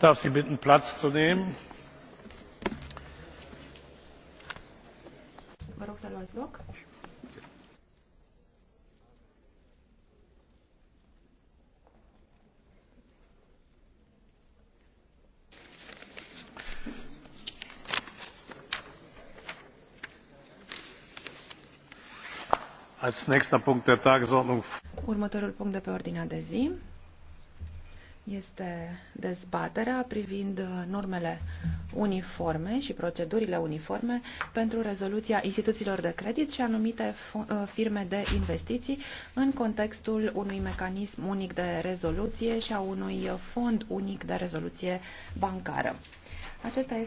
darf sie bitten platz zu nehmen. vă rog să luați loc. Următorul punct de pe ordinea de zi este dezbaterea privind normele uniforme și procedurile uniforme pentru rezoluția instituțiilor de credit și anumite uh, firme de investiții în contextul unui mecanism unic de rezoluție și a unui fond unic de rezoluție bancară. Acesta este